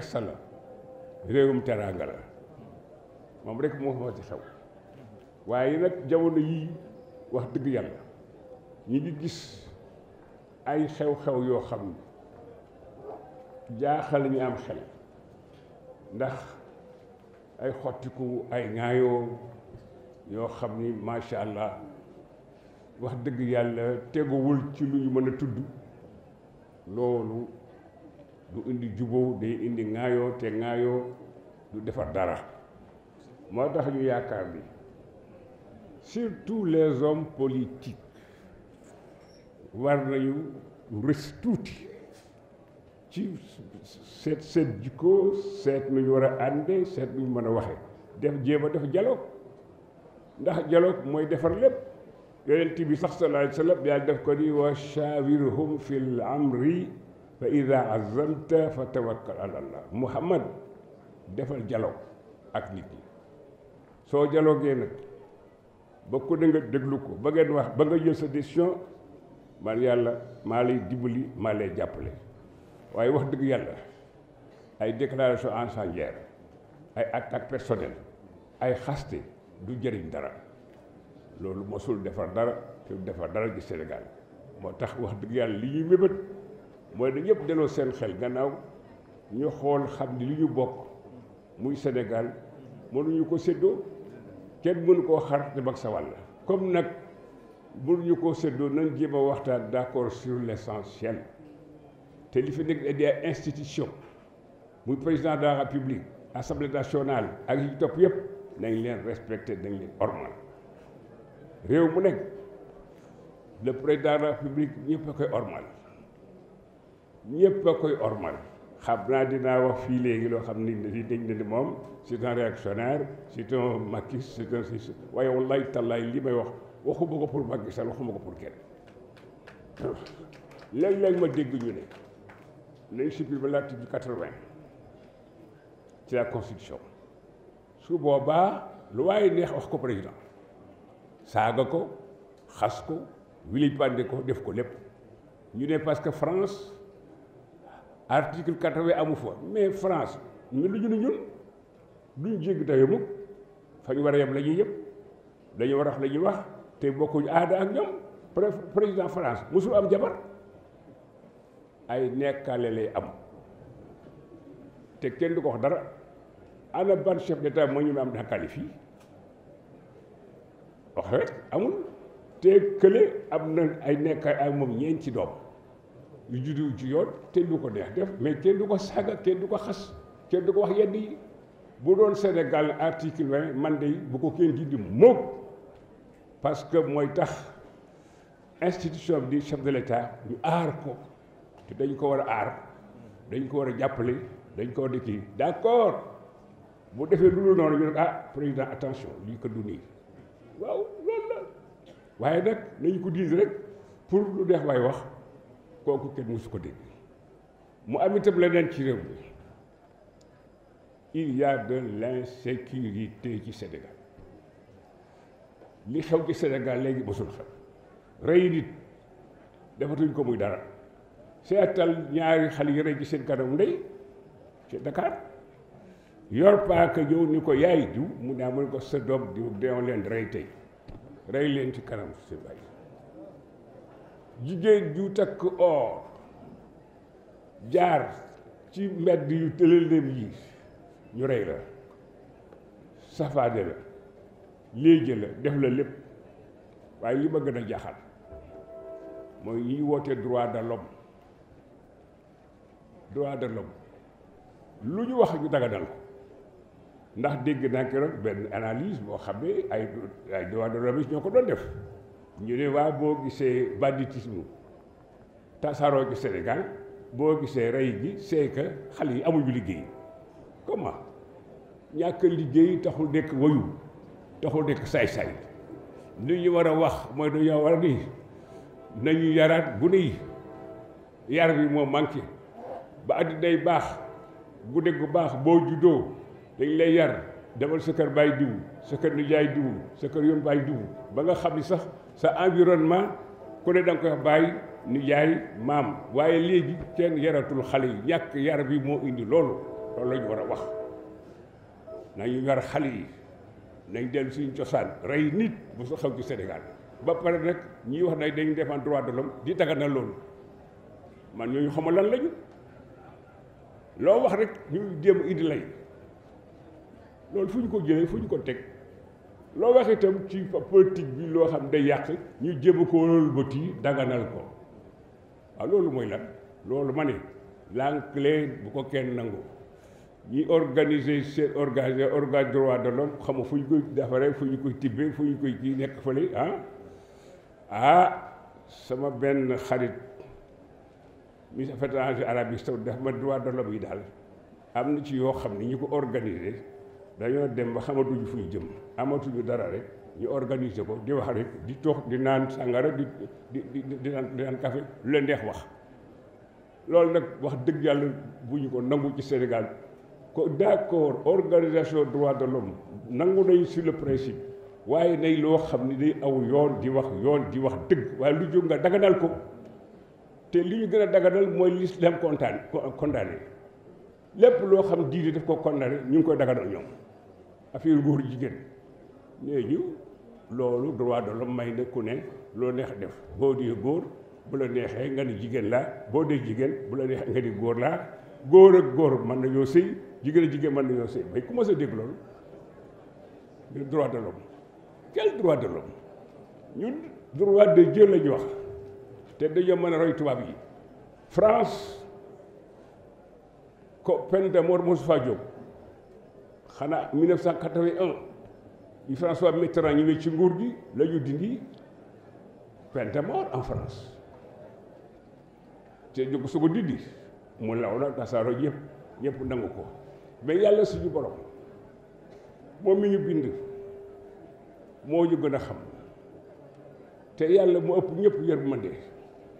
kersa la réewum teraanga la moom rek moo fa ci xew waaye nag jamono yii wax dëgg yàlla ñi ngi gis ay xew-xew yoo xam ne jaaxal ñu am xel ndax ay xottiku ay ŋaayoo yoo xam ni macha allah wax dëgg yàlla teguwul ci lu ñu mën a tudd loolu du indi juboo day indi ŋaayoo te ŋaayoo du defar dara moo tax ñu yaakaar bi surtout les hommes politiques war nañu rës tuuti ci seet seet jikkoo seet nu ñu war a ànde seet nu mën a waxe def jéem a def dialogue ndax jaloo mooy defar lépp yonent bi sax sallallahu alayhi wa sallam yàlla def ko ni wa shawirhum fil amri da fa ida azamta fa tawakkal ala allah muhammad defal jaloo ak nit ñi soo jaloogee nag ba ko da déglu ko ba ngeen wax ba nga jël sa décision man yàlla maa lay dimbali maa jàppale waaye wax dëgg yàlla ay déclaration incendiaire ay attaque personnelle ay xaste du jëriñ dara loolu mosul defar dara te defar dara ci Sénégal moo tax wax dëgg yàlla li mébét mooy dañu yëpp delloo seen xel gannaaw ñu xool xam ni lu ñu bokk muy Sénégal mënuñu ko séddoo kenn mënu koo xar te mag sa wàll comme nag mënuñu koo séddoo nañ jéem a waxtaan d'accord sur l'essentiel te li fi nekk di ay institution muy président de la république assemblée ak yi topp yëpp nañ leen respecté nañ leen ormal réew mu nekk le président de la ñëpp a koy ormal ñëpp a koy ormal xam naa dinaa wax fii léegi loo xam ni dañuy dégg na moom c'est un réactionnaire c'est un maquis c'est un waaye wallaay tallaay li may wax waxuma ko pour Macky Sall waxuma ko pour kenn léeg-léeg ma dégg ñu ne nañ supprimer l'article quatre-vingt ci la constitution su boobaa lu waaye neex wax ko président saaga ko xas ko wilipande ko def ko lépp ñu ne parce que France article quatre-vingt amu fa mais France mais lu ñu ñun duñ jégg dayo mukk fa war a yem la ñuy yëpp dañu war a wax la ñuy wax te bokkuñu aada ak ñoom président France musul am jabar ay nekkaale lay am te kenn du wax dara ana ban chef d'état moo ñu ma am nekkaale amul te am ay nekkaay ak moom ñeenti doom yu juddu ci yoon kenn du ko neex def mais kenn du ko saaga kenn du ko xas kenn du ko wax yenn yi bu doon Sénégal article vingt man de bu ko kenn dindi moom parce que mooy tax institution bi di chef de l'État ñu aar ko te dañ ko war a aar dañ ko war a jàppale dañ ko war a kii bu defee lu dul noonu ñu ne ah président attention lii ko du nii waaw loolu la waaye nag nañ ko diis rek pour lu deex waay wax kooku kenn mësu ko dégg mu am itam leneen ci réew mi il y a de l'insécurité ci Sénégal li xew ci Sénégal léegi mësul xew rey nit defatuñ ko muy dara seetal ñaari xale yi rey ci seen kanam ndey ci Dakar yor paaka ñëw ni ko yaay jiw mu ne amuñ ko sa doom di deew leen rey tey rey leen ci kanam si bàyyi jigéen ju takk or jaar ci mbedd yu tëlëleem yi ñu rey la safaade la léegi la def la lépp waaye li ma gën a jaaxal mooy ñiy woote droit de l'homme droit de l'homme lu ñu wax ñu daganal ko ndax dégg naa keroog benn analyse boo xam ne ay ay droit de l'homme ñoo ko doon def ñu ne waaye boo gisee banditisme tasaaroo ci Sénégal boo gisee rey gi c'est que xale yi amuñu liggéey comment ñàkk liggéey taxul nekk wayu taxul nekk saay-saay li ñu war a wax mooy dañoo war a ni nañu yaraat gune yi yar bi moo manqué ba àddinay baax gune gu baax boo juddoo dañ lay yar demal sa kër baay diw sa kër nijaay diw sa kër yoon baay diw ba nga xam ni sax sa environnement ku ne da nga koy wax bàyyi maam waaye léegi kenn yaratul xale yi ñàkk yar bi moo indi loolu loolu la war a wax nañu yar xale yi nañ dellu suñu cosaan rey nit bu sa xew ci Sénégal ba pare nag ñiy wax ne dañu défendre droit de l'homme di na loolu man ñooñu xamal lan lañu loo wax rek ñu jéem indi lay loolu fu ñu ko jëlee fu ñu ko teg. loo wax itam ci politique bi loo xam day yàq ñu jéem ko loolu bët yi daganal ko waaw loolu mooy lan loolu ma ne l'enclé bu ko kenn nangu ñi organiser seen organiser organe droit de l'homme xamu fu ñu koy defaree fu ñu koy tibbee fu ñu koy kii nekk fële ah ah sama benn xarit ministre des affaires étrangères arabie dafa ma droit de l'homme yi daal am na ci yoo xam ne ñi ko organiser dañoo dem ba xamatuñu fu ñu jëm amatuñu dara rek ñu organiser ko di wax rek di tox di naan sàngara di di di naan café lu leen neex wax loolu nag wax dëgg yàlla bu ñu ko nangu ci Sénégal ko d'accord organisation droit de l'homme nangu nañu si le principe waaye nay loo xam ne day aw yoon di wax yoon di wax dëgg waaye lu jóg nga daganal ko te li ñu gën a daganal mooy l'islam condamné condamné lépp loo xam diine def ko condamné ñu ngi koy daganal ñoom affaire góor jigéen nee ñu loolu droit de l'homme may na ku ne loo neex def boo dee góor bu la neexee nga ni jigéen la boo dee jigéen bu la neexee nga ni góor laa góor ak góor mën nañoo sëy jigéen ak jigéen mën nañoo sëy bay commencé dégg loolu le droit de l'homme quel droit de l'homme ñun droit de Dieu la wax te dañoo mën a roy tubaab yi France ko peine de mort mosu faa jóg xanaa 1981 bi François Mitterrand ñëwee ci nguur gi la ñu dindi peine de en France te ñu ko soog a dindi mu law na tasaaroo ñëpp ñëpp nangu ko mais yàlla suñu borom moom mi bind moo ñu gën a xam te yàlla mu ëpp ñëpp yërmande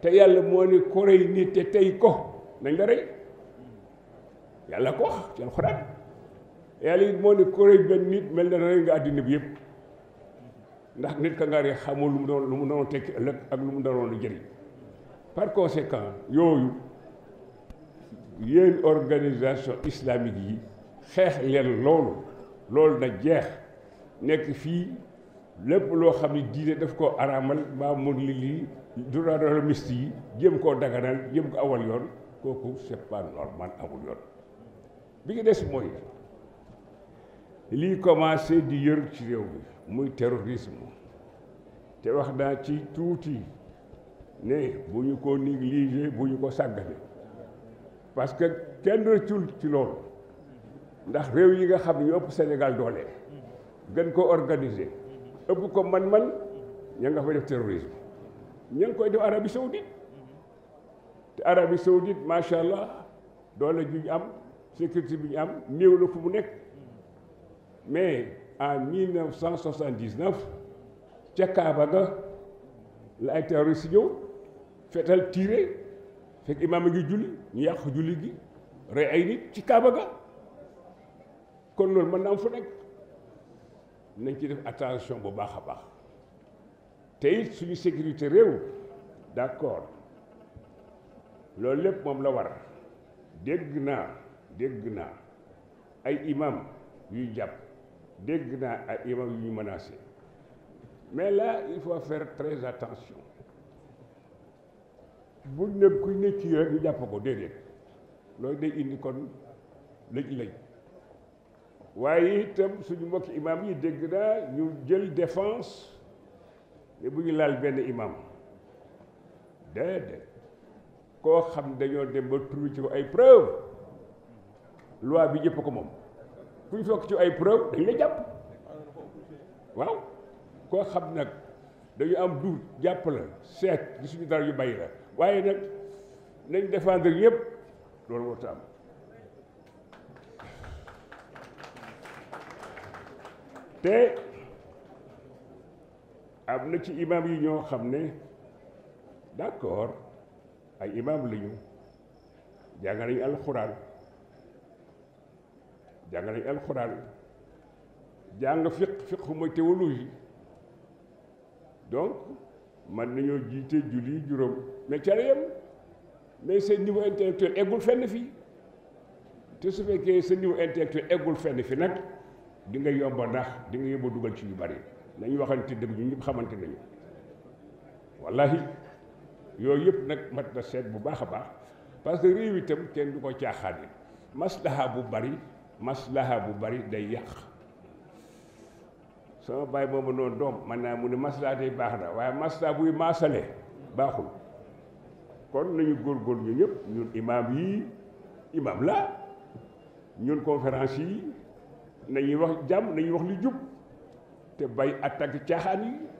te yàlla moo ne ko rey nit te tey ko nañ la rey yàlla ko wax ci yàlla it moo ne ko benn nit mel na rey nga àddina bi yëpp ndax nit ka nga rey xamoo lu mu doon lu mu tekki ëllëg ak lu mu doon jëriñ par conséquent yooyu yéen organisation islamique yi xeex leen loolu loolu na jeex nekk fii lépp loo xam ne diine daf ko araamal maa mun li lii journaliste yi jéem koo daganal jéem ko awal yoon kooku c'est pas normal amul yoon bi ngi des mooy lii commencé di yër ci réew mi muy terrorisme te wax naa ci tuuti ne bu ñu ko négligé bu ñu ko sàggane parce que kenn rëccul ci loolu ndax réew yi nga xam ñu ëpp Sénégal doole gën ko organiser ëpp ko man-man ña nga fa def terrorisme ña ngi koy def Arabie Saoudite te Arabie Saoudite macha allah doole ju ñu am sécurité bi ñu am néew la fu mu nekk mais en 1979 ca Kaaba ga la ay terroriste ñëw fetal tiré fekk imaam a ngi julli ñu yàq julli gi rey ay nit ci Kaaba ga kon loolu mën na am fu nekk nañ ci def attention bu baax a baax te suñu sécurité réew d'accord loolu lépp moom la war dégg naa dégg naa ay imam yuy jàpp dégg naa ay imam yu ñu menacé mais là il faut faire très attention bu népp kuñ ne kii rek ñu jàpp ko déedéet loolu day indi kon lëj-lëj waaye itam suñu mbokki imam yi dégg naa ñu jël défense ne ñu laal benn imam déedéet koo xam dañoo dem ba trouvé ci ko ay preuve loi bi jëpp ko moom bu ñu fekk ci ay preuve dañ la jàpp waaw koo xam nag dañu am duut jàpp la seet gisuñu dara yu bàyyi la waaye nag nañ défendre yépp loolu warta am te am na ci imam yi ñoo xam ne d'accord ay imam lañu jàng alxuraan jàng nañ alxuraan jàng fiq fiq mooy théologie donc man nañoo jiite julli juróom mais ca la yem mais seen niveau intellectuel eggul fenn te su fekkee sa niveau intellectuel eggul fenn fi nag di nga yomba ndax di nga yomba dugal ci yu bari nañu waxante dëgg ñu ñëpp xamante nañu wallahi yooyu yëpp nag mat na seet bu baax a baax parce que réew itam kenn du ko caaxaane maslaha bu bari maslaha bu bari day yàq sama baay boobu noonu doom man naa mu ne maslaha baax na waaye maslaha buy maasale baaxul kon nañu góor ñu ñëpp ñun imaam yi imaam la ñun conférence yi nañuy wax jàmm nañuy wax li jub te bay attaque caaxaan yi